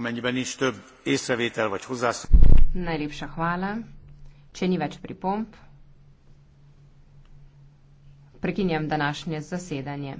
Najlepša hvala. Če ni več pripomb, prekinjam današnje zasedanje.